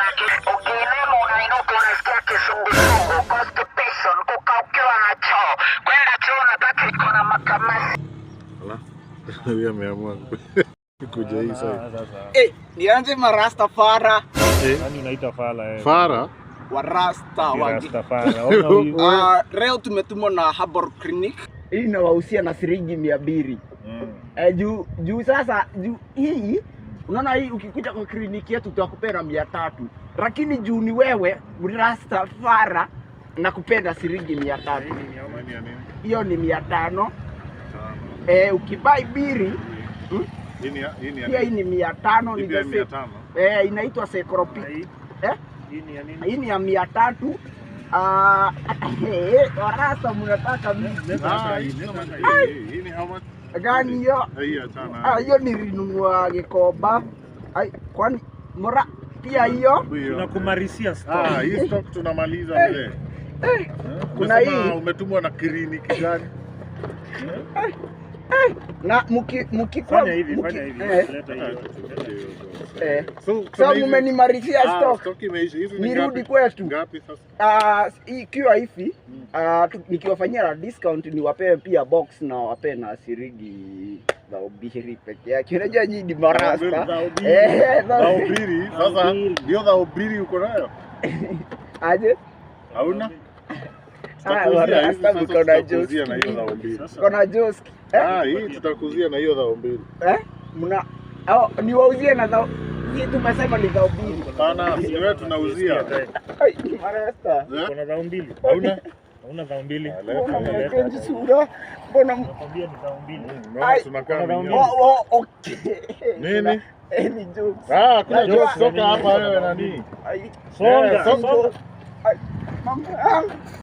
yake ukiinema unainuka unasikia kisungusungu constipation kuka na choo kwenda choo unataka iko na makamasi Huyu ameamua kuja hii sasa. Eh, nianze marasta fara. nani unaita fara eh? Fara? Warasta wangi. Rasta ah, leo tumetumwa na Habor Clinic. Hii inawahusia na siringi 200. Mm. Eh, juu juu sasa juu hii Unaona hii ukikuja kwa kliniki yetu tutakupea mia tatu, lakini juu ni wewe rastafara na kupenda siringi mia tatu. Hiyo ni mia tano. Eh, ukibai biri hmm? pia hii ni mia tano. Eh, inaitwa sekropi. Eh? Hii ni ya mia tatu. Warasa ah, eh, mnataka gani hiyo hiyo ah, nilinunua gikomba kwani mora pia hiyo tunakumarisia ah, hii stock tunamaliza mbele eh, eh, eh, kuna hii umetumwa na kliniki gani eh, na mkikuwa sa mumenimarishia stock nirudi kwetu ah, ikiwa hivi hmm. ah, nikiwafanyia na discount niwapee pia box na wapee na sirigi za ubiri peke yake. Unajua nyinyi ni marasta za za ubiri uko nayo aje? Hauna? tutakuzia na hiyo dhao mbili eh? ah, eh? niwauzie na dhao tumesema ni dhao mbili hapana siwe tunauzia eh? kuna dhao mbili hauna Hauna dhao mbili. Ah, Mpenzi sura. Mbona nakwambia dhao mbili. Mm, oh, oh, okay. Nini? Ah, hapa wewe nani? Songa.